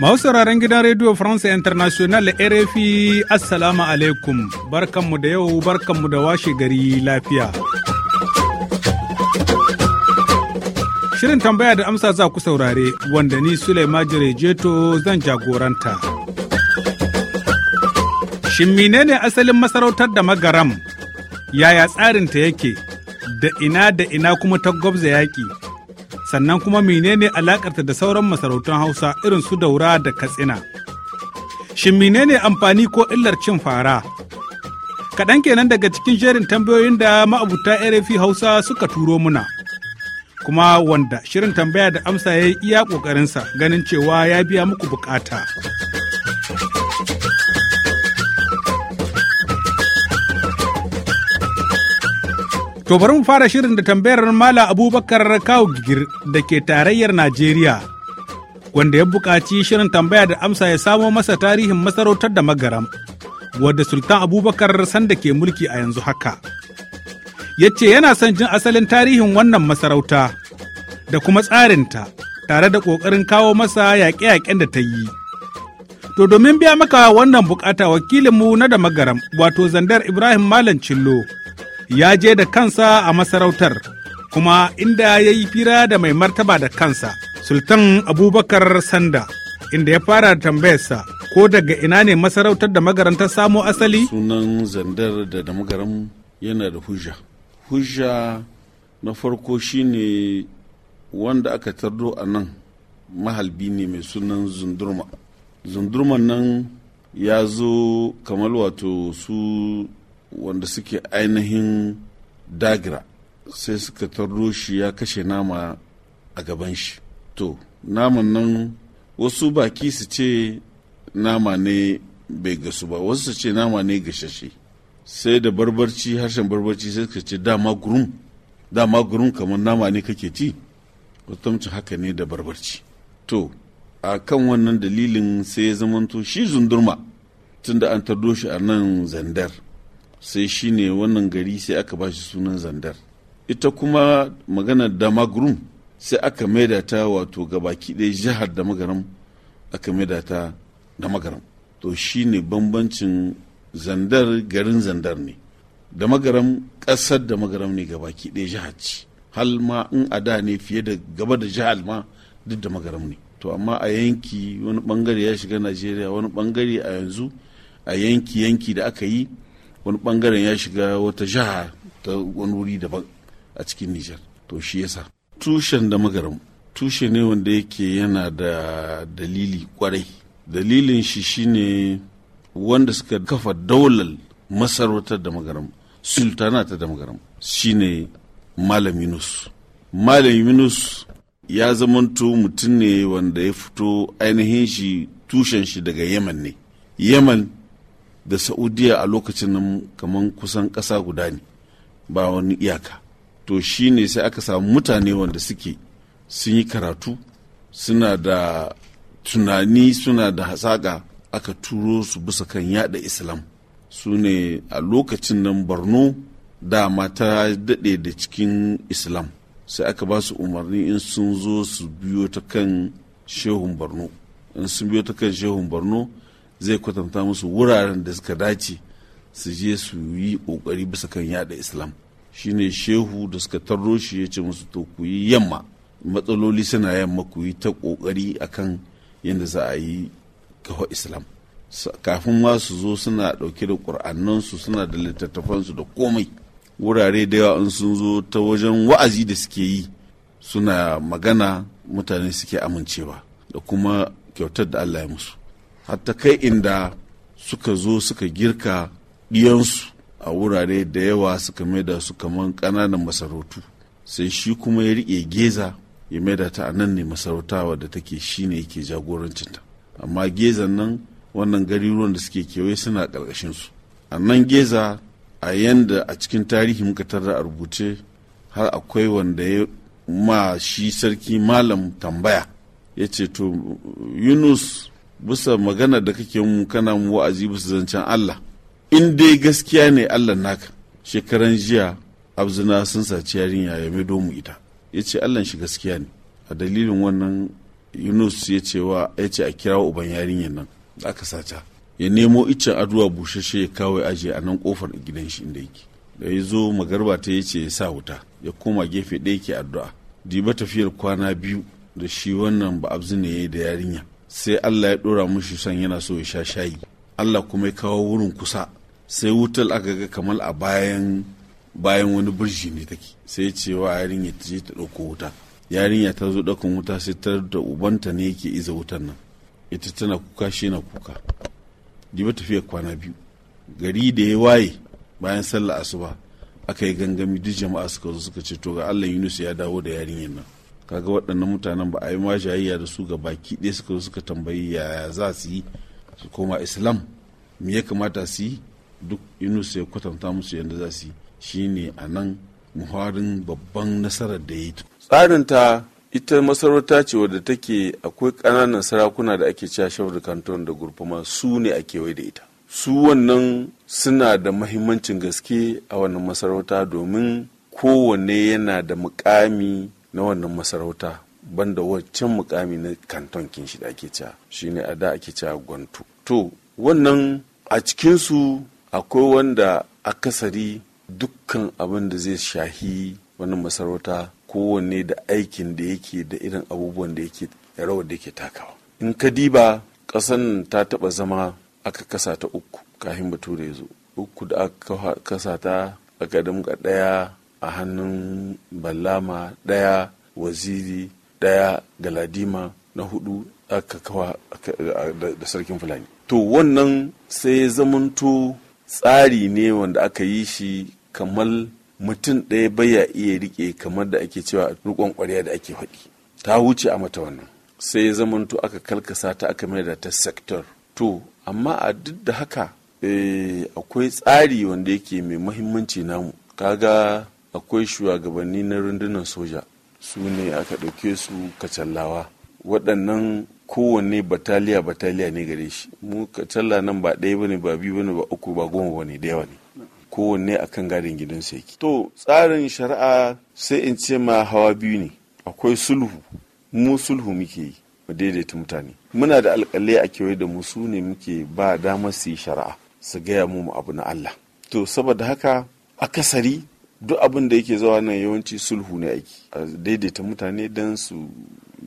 Masu sauraron gidan Radio France International RFI Assalamu alaikum barkanmu da yau barkanmu da washe gari lafiya. Shirin tambaya da amsa za ku saurare wanda ni Suleima Jirejeto zan jagoranta. Shin menene asalin masarautar da magaram yaya tsarinta yake da ina da ina kuma ta gwabza yaƙi sannan kuma menene alakarta da sauran masarautun hausa irin su daura da katsina shin menene amfani ko illar cin fara kaɗan kenan daga cikin shirin tambayoyin da ma'abuta rfi hausa suka turo muna kuma wanda shirin tambaya da amsa ya yi iya ƙoƙarinsa ganin cewa ya biya muku buƙata. To bari mu fara shirin da tambayar Mala Abubakar Kawu Gigir da ke tarayyar Najeriya, wanda ya buƙaci shirin tambaya da amsa ya samo masa tarihin masarautar da magaram, wadda Sultan Abubakar sanda ke mulki a yanzu haka. Ya ce yana son jin asalin tarihin wannan masarauta da kuma tsarinta tare da ƙoƙarin kawo masa yaƙe-yaƙen da ta yi. To domin biya maka wannan bukata wakilinmu na da magaram wato zandar Ibrahim Malam Cillo. ya je da kansa a masarautar kuma inda ya yi fira da mai martaba da kansa sultan abubakar sanda inda ya fara tambayarsa ko daga ina ne masarautar da magaranta samo asali sunan zandar da da yana da hujja hujja na farko shine wanda aka tardo a nan mahalbi ne mai sunan zundurma zundurman nan ya zo kamar wato su wanda suke ainihin dagira sai suka tarro shi ya kashe nama a gaban shi to naman nan wasu baki su ce nama ne bai gasu ba wasu su ce nama ne gashashe sai da barbarci harshen barbarci sai suka ce dama gurum dama gurum kamar nama ne kake ci mutumcin haka ne da barbarci to a kan wannan dalilin sai ya zamanto shi zundurma tunda an tardo shi a nan zandar sai shine wannan gari sai aka ba shi sunan zandar ita kuma magana damagrum sai aka maida ta wato gabaki ɗaya jihar damagaram aka maida ta damagaram to shine bambancin zandar garin zandar ne damagaram ƙasar damagaram ne gabaki ɗaya jihar ce hal ma in a da ne fiye da gaba da jihar ma duk damagaram ne to amma a yanki wani bangare ya shiga najeriya wani bangare a yanzu a yanki yanki da aka yi wani bangaren ya shiga wata jiha ta wani wuri daban a cikin nijar to shi yasa tushen da magaram tushe ne wanda yake yana da dalili kwarai dalilin shi shine wanda suka kafa daular masarautar da magaram ta da magaram shine malam yunus malam yunus ya zamanto mutum ne wanda ya fito ainihin shi tushen shi daga yaman ne yaman da saudiya a lokacin nan kamar kusan ƙasa guda ne ba wani iyaka to shi ne sai aka samu mutane wanda suke sun yi karatu suna da tunani suna da hasaka aka turo su bisa kan yada islam su ne a lokacin nan borno dama ta daɗe da cikin islam sai aka ba su umarni in sun zo su biyo ta kan shehun borno in sun biyo ta kan shehun borno zai kwatanta musu wuraren da suka dace su je su yi kokari bisa kan yada islam shine shehu da suka tarro shi ya ce musu to ku yi yamma matsaloli suna yamma ku yi ta kokari akan yadda za a yi kawo islam kafin ma su zo suna dauke da ƙur'annansu suna da littattafansu da komai wurare da yawa in sun zo ta wajen wa'azi da suke yi suna magana mutane suke amincewa da kuma kyautar da allah ya musu hatta kai inda suka zo suka girka ɗiyansu a wurare da yawa suka maida su kamar ƙananan masarautu sai shi kuma ya riƙe geza ya maida ta a nan ne masarautawa da take shi ne yake jagorancinta amma gezan nan wannan gariruwan da suke kewaye suna ƙarƙashinsu a nan geza a yanda a cikin tarihi muka tarra a rubuce har akwai wanda ya ma shi sarki malam tambaya ya ce to yunus bisa magana da kake mu kana mu wa'azi bisa zancen Allah in dai gaskiya ne Allah naka shekaran jiya abzina sun saci yarinya ya mai domu ita ya ce Allah shi gaskiya ne a dalilin wannan Yunus ya ce wa ya ce a kirawo uban yarinyar nan da aka sata ya nemo iccen aduwa bushashe ya kawo aje a nan kofar gidan shi inda yake da ya zo magarba ta ya ce ya sa wuta ya koma gefe ɗaya ke addu'a diba tafiyar kwana biyu da shi wannan ba abzina ya yi da yarinya sai Allah ya ɗora mushi son yana so ya sha shayi Allah kuma ya kawo wurin kusa sai wutar aka ga kamar a bayan bayan wani birji ne take sai cewa yarinya ta je ta ɗauko wuta yarinya ta zo ɗaukan wuta sai ta da ubanta ne yake iza wutar nan ita tana kuka shi na kuka ba tafiya kwana biyu gari da ya waye bayan sallah asuba aka yi gangami duk jama'a suka zo suka ce to ga Allah Yunus ya dawo da yarinyar nan kaga waɗannan mutanen ba a yi ma jayayya da su ga baki ɗaya suka zo suka tambayi yaya za su yi su koma islam me ya kamata su yi duk inu ya kwatanta musu yadda za su yi shine a nan muharin babban nasarar da ya yi ta ita masarauta ce wadda take akwai ƙananan sarakuna da ake cewa shawar kanton da gurfama su ne a kewaye da ita su wannan suna da mahimmancin gaske a wannan masarauta domin kowanne yana da mukami na wannan masarauta banda wancan mukami na kanton kinshi da ake cewa shine a da ake cewa gwantu to wannan a cikinsu akwai wanda akasari dukkan abin da zai shahi wannan masarauta kowanne da aikin da yake da irin abubuwan da yake rawar da yake takawa in ka diba ƙasan ta taɓa zama aka kasa ta uku kahin bature ya zo uku da aka kasa ta aka ga ɗaya a hannun balama ɗaya waziri ɗaya galadima na hudu aka kawa da sarkin fulani to wannan sai ya zamanto tsari ne wanda aka yi shi kamar mutum ɗaya baya iya rike kamar da ake cewa rukon ƙwarya da ake faɗi ta wuce a mata wannan sai ya zamanto aka kalkasa ta aka mai da ta sektor to amma a duk da haka eh, akwai tsari wanda yake mai mahimmanci namu kaga akwai shugabanni na rundunar soja su ne aka ɗauke su kacallawa waɗannan kowanne bataliya bataliya ne gare shi mu kacalla nan ba ɗaya bane ba biyu bane ba uku ba goma bane da yawa ne kowanne a kan gadin gidan yake to tsarin shari'a sai in ce ma hawa biyu ne akwai sulhu mu sulhu muke yi mu daidaita mutane muna da alƙalai a kewaye da mu su ne muke ba damar su yi shari'a su gaya mu abu na Allah to saboda haka akasari duk abin da yake zawa nan yawanci sulhu ne aiki a daidaita mutane don su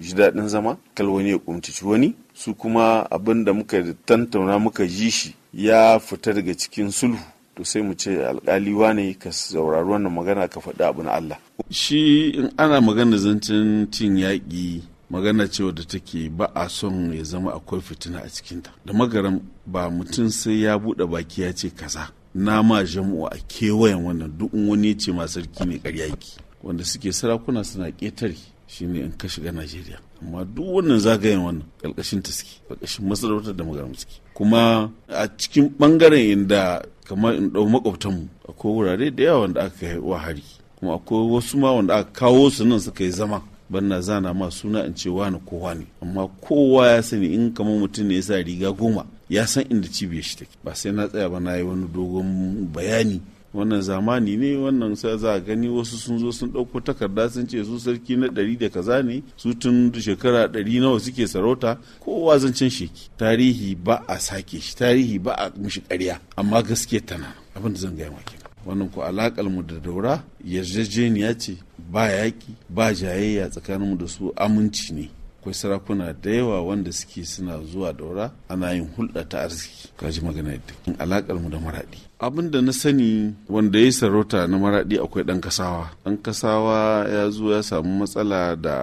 ji daɗin zama kal wani ya kumci wani su kuma abin da muka tantauna muka ji shi ya fita daga cikin sulhu to sai mu ce alkali wane ka saurari wannan magana ka faɗi abin Allah. Shi in ana magana zancen cin yaƙi magana cewa da take ba a son ya zama akwai fitina a cikinta. Da magaram ba mutum sai ya buɗe baki ya ce kaza. Nama ma a kewayen wannan duk wani ce ma sarki ne ƙarya yake wanda suke sarakuna suna ƙetare shine in ka shiga Najeriya amma duk wannan zagayen wannan ƙarƙashin ta suke ƙarƙashin masarautar da magana suke kuma a cikin ɓangaren inda kamar in ɗau mu akwai wurare da yawa wanda aka kai wahari kuma akwai wasu ma wanda aka kawo su nan suka yi zama banna zana ma suna in ce wani kowa ne amma kowa ya sani in kamar mutum ne ya sa riga goma ya san inda cibiyar shi take ba sai na tsaya ba na yi wani dogon bayani wannan zamani ne wannan sai za gani wasu sun zo sun ɗauko takarda sun ce su sarki na ɗari da kaza ne su tun shekara ɗari nawa suke sarauta kowa zan zancen sheki tarihi ba a sake shi tarihi ba a mishi ƙarya amma gaskiya tana abin da zan gaya maki wannan ko alakar mu da daura yarjejeniya ce ba yaƙi ba jayayya tsakaninmu da su aminci ne akwai sarakuna da yawa wanda suke suna zuwa daura ana yin hulɗa ta arziki kaji magana yadda in alakar mu da maraɗi abin da na sani wanda ya yi sarauta na maraɗi akwai ɗan kasawa ɗan kasawa ya zo ya samu matsala da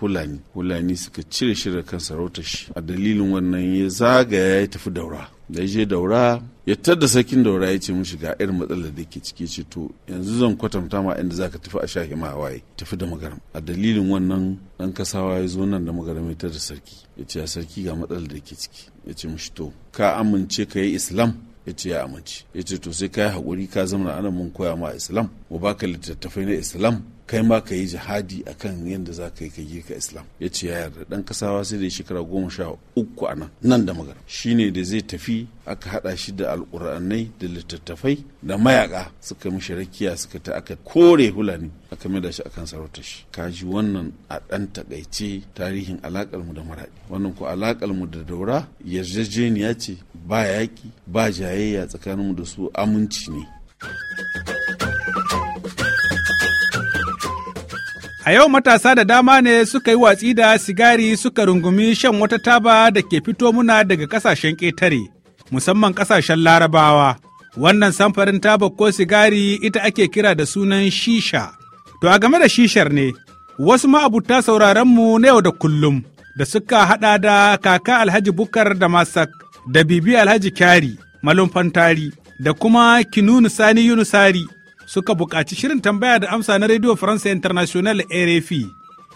hulani hulani suka cire shi kan sarauta shi a dalilin wannan ya zagaya ya tafi daura da ya je daura ya da sarkin daura ya ce mishi ga irin matsalar da ke ciki ce to yanzu zan kwatanta ma inda zaka tafi a shahi ma waye tafi da magaram a dalilin wannan dan kasawa ya zo nan da magaram ya da sarki ya ce ya sarki ga matsalar da ke ciki ya ce mishi to ka amince ka yi islam ya ce ya amince ya ce to sai ka yi haƙuri ka zama anan mun koya ma islam mu baka littattafai na islam kai ma ka yi jihadi akan yadda za ka yi ka girka islam ya ce ya yarda ɗan kasawa sai da shekara goma sha uku a nan nan da shi ne da zai tafi aka hada shi da alƙur'anai da littattafai da mayaka suka mishi rakiya suka ta aka kore hulani aka mai da shi akan sarautar shi kaji wannan a ɗan takaice tarihin alakar mu da maraɗi wannan ko alakar mu da daura yarjejeniya ce ba yaƙi ba jayayya tsakaninmu da su aminci ne A yau matasa da dama ne suka yi watsi da sigari suka rungumi shan wata taba da ke fito muna daga kasashen ƙetare, musamman kasashen larabawa. Wannan samfarin taba ko sigari ita ake kira da sunan shisha. To a game da shishar ne, wasu ma'abuta sauraronmu na yau da kullum da suka haɗa da kaka Alhaji Bukar da Masak da Bibi Alhaji Kyari, Malumfantari da kuma Kinunu Sani Yunusari suka buƙaci shirin tambaya da amsa na Radio France International RFI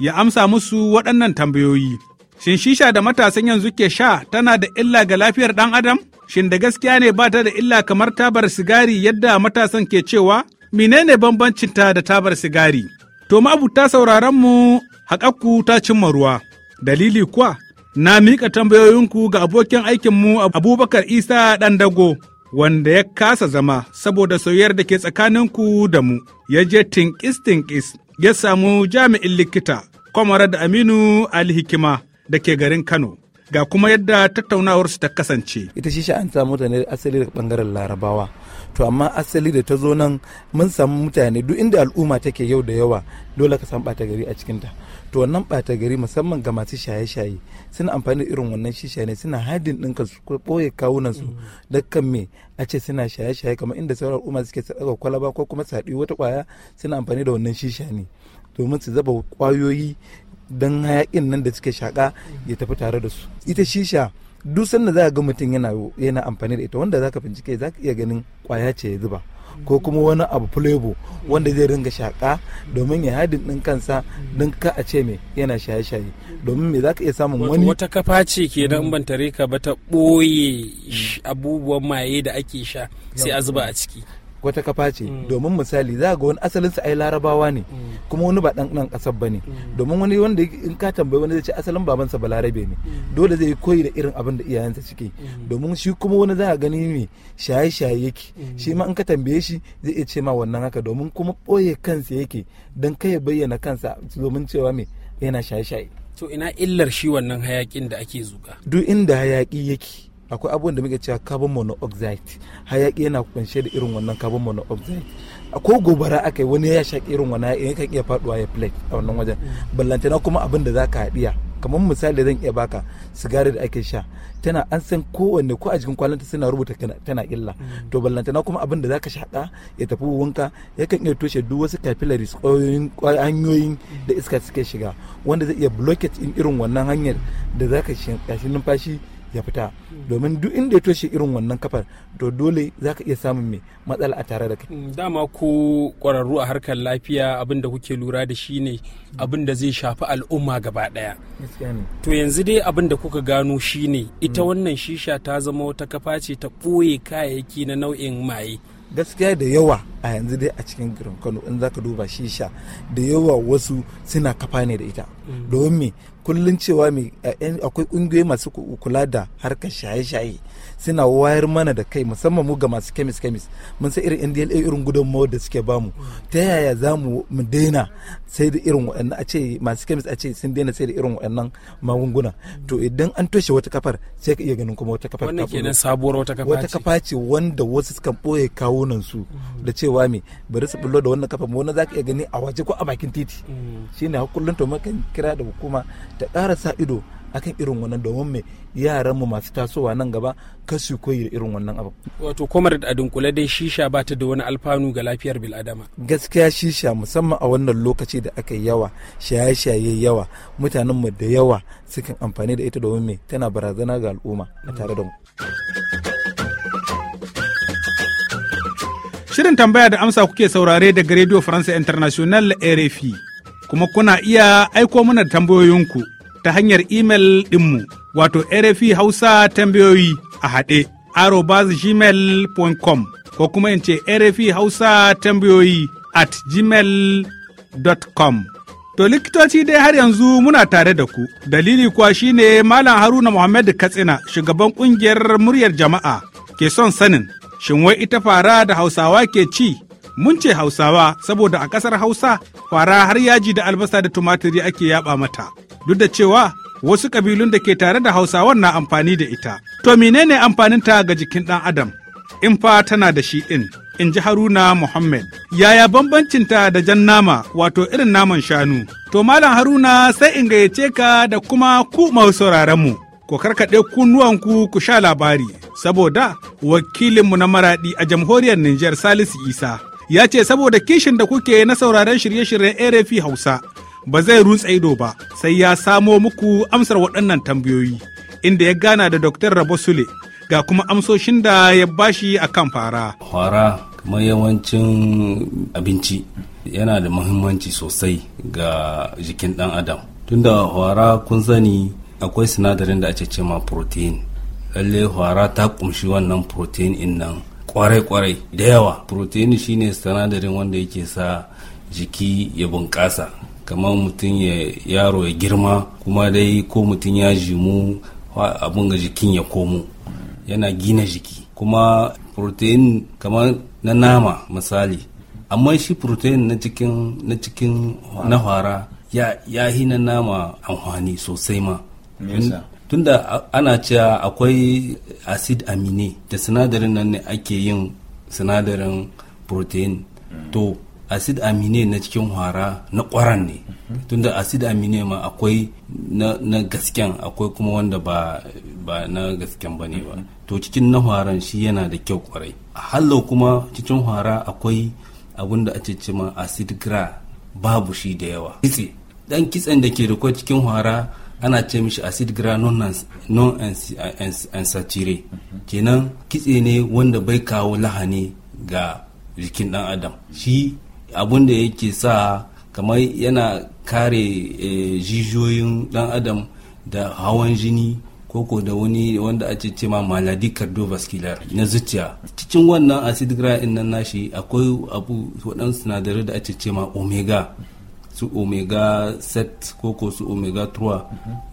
ya amsa musu waɗannan tambayoyi. Shin shisha da matasan yanzu ke sha tana da illa ga lafiyar ɗan adam? Shin da gaskiya ne ba ta da illa kamar tabar sigari yadda matasan ke cewa? Menene bambancin ta da tabar sigari? To ta sauraron mu haƙakku ta cimma ruwa. Dalili kuwa na miƙa tambayoyinku ga abokin aikinmu Abubakar Isa Ɗandago. wanda ya kasa zama saboda soyayyar da ke tsakaninku da mu ya je tinkis-tinkis ya samu jami'in likita kwamara da aminu alhikima da ke garin kano ga kuma yadda tattaunawar su ta kasance ita shi an samu mutane asali daga bangaren larabawa to amma asali da ta zo nan mun samu mutane duk inda al'umma take yau da yawa dole ka san bata gari a cikinta to wannan ɓata gari musamman ga masu shaye-shaye suna amfani da irin wannan shisha ne suna hadin ɗin su ko ɓoye kawunan su mm. dukkan me a ce suna shaye-shaye kamar inda sauran al'umma suke sadaka kwalaba ko kuma saɗi wata kwaya suna amfani da wannan shisha ne domin su zaba kwayoyi don hayakin nan da suke shaka ya tafi tare da su ita shisha duk sanda za ga mutum yana amfani da ita wanda zaka bincike zaka iya ganin kwaya ce ya zuba ko kuma wani abu flavor wanda zai ringa shaka domin ya hadin din kansa din ka a ce me yana shaye-shaye domin me zaka iya samun wani wata kafa ce ke dan ban tare ka ba ta boye abubuwan maye da ake sha sai a zuba a ciki wata kafa ce mm. domin misali za ga wani asalin sa ai larabawa ne mm. kuma wani ba dan nan kasar bane mm. domin wani wanda in ka tambayi wani zai ce asalin baban sa balarabe ne dole zai koyi da irin abin da iyayensa suke domin shi kuma wani za a gani ne shaye shaye yake shi ma in ka tambaye shi zai iya ce ma wannan haka domin kuma boye kansa yake dan kai ya bayyana kansa domin cewa me yana shaye shaye to ina illar shi wannan hayakin da ake zuga duk inda hayaki yake akwai abubuwan da muke cewa carbon monoxide hayaki yana kunshe da irin wannan carbon monoxide ko gobara aka yi wani ya shaƙi irin wannan ya kan iya faduwa ya plate a wannan wajen ballantana kuma abin da zaka haɗiya kamar misali zan iya baka sigari da ake sha tana an san kowanne ko a jikin kwalanta suna rubuta tana illa mm. to ballantana kuma abin da zaka shaƙa ya tafi wanka yakan iya toshe duk wasu capillaries hanyoyin da iska suke shiga wanda zai iya blockage in irin wannan hanyar da zaka shi numfashi ya fita domin duk inda ya toshe irin wannan kafar to dole za ka iya samun mai matsala a tare da kai mm, dama ko kwararru a harkar lafiya abin da kuke lura da shi ne abin da zai shafi al'umma gaba daya to yanzu dai abin da kuka gano shi ne ita wannan shisha ta zama wata kafa ce ta ɓoye kayayyaki na nau'in maye gaskiya da yawa a yanzu dai a cikin garin kano in zaka duba shisha da yawa wasu suna kafa ne da ita mm. domin kullum cewa mai akwai ƙungiyoyi masu kula da harkar shaye-shaye suna wayar mana da kai musamman mu ga masu kemis kemis mun sai irin ndla irin gudunmawar da suke bamu ta yaya za mu daina sai da irin waɗannan a ce masu kemis a ce sun daina sai da irin waɗannan magunguna to idan an toshe wata kafar sai ka iya ganin kuma wata kafar wannan kenan sabuwar wata kafa wata kafa ce wanda wasu sukan ɓoye kawunan su da cewa me bari su bullo da wannan kafar mu wannan za ka iya gani a waje ko a bakin titi mm. shine kullum to mukan kira da hukuma ta ƙara sa ido akan irin wannan domin mai yaran mu masu tasowa nan gaba kasu koyi da irin wannan abu wato komar da dunkule dai shisha ba ta da wani alfanu ga lafiyar biladama gaskiya shisha musamman a wannan lokaci da aka yawa shaye-shaye yawa mutanen mu da yawa sukan amfani da ita domin mai tana barazana ga al'umma a tare da mu Shirin tambaya da amsa kuke saurare daga Radio faransa International RFI. kuma kuna iya aiko mana tambayoyinku ta hanyar imel ɗinmu wato rfi hausa tambayoyi a haɗe arobazgmail.com ko kuma in ce rfi hausa tambayoyi at gmail.com To likitoci dai har yanzu muna tare da ku, dalili kuwa shine Malam Haruna muhammadu Katsina shugaban kungiyar muryar jama'a ke son sanin, shin wai ita fara da Hausawa ke ci Mun ce Hausawa saboda a ƙasar Hausa fara har yaji da albasa da tumatiri ake yaba mata. Duk da cewa wasu ƙabilun da ke tare da Hausawan na amfani da ita. To menene amfaninta ga jikin ɗan Adam? In fa tana da shi ɗin, in ji Haruna Muhammad. Yaya bambancinta da jan nama wato irin naman shanu? To Malam Haruna sai in gayyace ka da kuma ku sauraron mu. Ku karkaɗe kunnuwanku ku sha labari, saboda wakilinmu na maraɗi a jamhuriyar Nijar Salisu Isa ya ce saboda kishin da kuke na sauraron shirye-shiryen RFI Hausa ba zai rutsa ido ba sai ya samo muku amsar waɗannan tambayoyi inda ya gana da Dr. Rabo Sule ga kuma amsoshin da ya bashi a kan fara. Fara kamar yawancin abinci yana da muhimmanci sosai ga jikin ɗan adam. Tunda fara kun sani akwai sinadarin da ake cema protein. Lalle fara ta ƙunshi wannan protein in nan kwarai kwarai da yawa protein shine sinadarin wanda yake sa jiki ya bunƙasa kamar mutum ya yaro ya girma kuma dai ko mutum ya jimu abin ga jikin ya komo yana gina jiki kuma protein kamar na nama misali amma shi protein na cikin na cikin na hwara ya, ya hina nama amfani sosai ma tunda ana cewa akwai acid amine da sinadarin nan ne ake yin sinadarin protein hmm. to acid amine na cikin hwara na kwaran ne hmm. tunda acid amine ma akwai na, na gasken akwai kuma wanda ba, ba na gasken ba ne ba hmm. to cikin na hwaran shi yana da kyau kwarai hallo kuma cikin hwara akwai abin da ake cewa acid gra babu shi da yawa kitse dan kitsen da ke da cikin hwara ana ce mishi acid gras non insaturé kenan kitse ne wanda bai kawo lahani ga jikin dan adam shi abun da yake sa kamar yana kare eh, jijiyoyin dan adam da hawan jini koko da wani wanda ake ce ma maladi cardiovascular na zuciya cikin wannan acid gras nan nashi akwai abu waɗansu sinadarai da ake ce ma omega su omega 7 ko su omega 3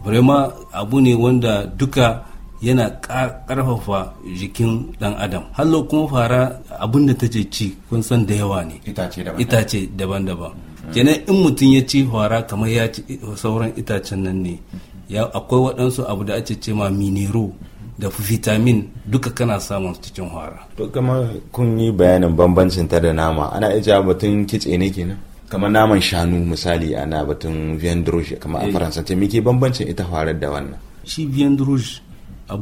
vraiment abu ne wanda duka yana karfafa jikin dan adam hallo kuma fara abin da ta ce ci kun san da yawa ne itace daban-daban kenan in mutum ya ci fara kamar ya ci sauran itacen nan ne akwai waɗansu abu da ake ce ma minero da vitamin duka kana samun cikin fara to kamar kun yi bayanin bambancin ta da nama ana iya mutum kitse ne kenan kamar naman shanu misali ana batun viande rouge kamar a eh. faransance me ke bambancin ita farar da wannan shi viande rouge da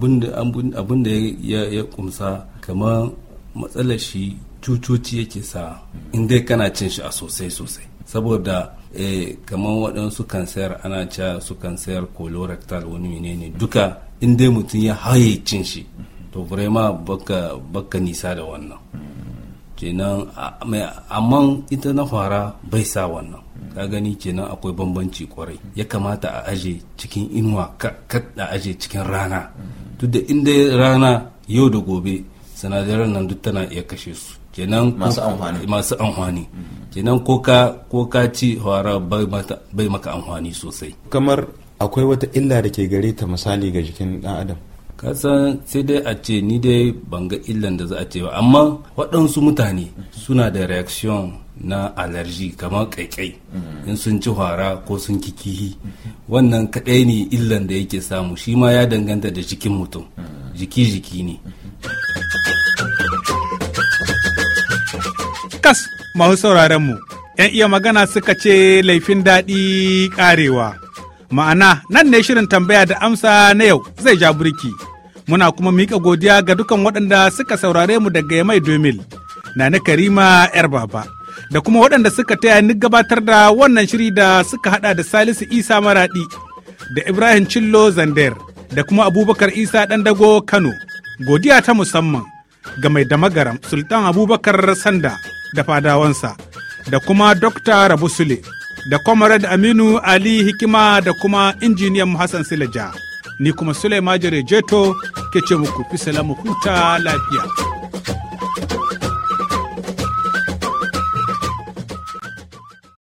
ya kumsa kamar matsalar shi cucuci yake sa inda kana cin shi a sosai sosai saboda eh, kamar waɗansu kansayar ana cewa su kansayar colorectal wani menene duka in dai mutum ya haye cin shi to vraiment baka nisa da wannan kenan amma ita na fara bai sa wannan ka gani kenan akwai bambanci kwarai ya kamata a aje cikin inuwa a aje cikin rana duk da inda rana yau da gobe sinadaran nan duk tana iya kashe su kenan masu amfani kenan ko ka ci fara bai maka amfani sosai kamar akwai wata illa da ke gare ta misali ga jikin dan adam kasan sai dai a ce ni dai ban ga illan da za a ce ba amma waɗansu mutane suna da reaction na allergy kamar kaikai mm. in sun ci hwara ko sun kikihi wannan kaɗai ne illan da yake samu shi ma ya danganta da jikin mutum mm. jiki jiki ne kas masu sauraronmu mu 'yan iya magana suka ce laifin daɗi karewa. Ma'ana nan ne shirin tambaya da amsa na yau zai ja burki. Muna kuma mika godiya ga dukan waɗanda suka saurare mu daga Yamai Domil, na na Karima 'yar baba. Da kuma waɗanda suka taya ni gabatar da wannan shiri da suka haɗa da Salisu Isa Maraɗi, da Ibrahim Cillo Zander, da kuma Abubakar Isa Ɗandago Kano. Godiya ta musamman ga mai damagaram Sultan Abubakar Sanda da fadawansa, da kuma Dokta Rabu Sule. da comrade aminu ali hikima da kuma injiniyan mu hassan silaja ni kuma sulaima jere jeto ke ce muku fi salamu huta lafiya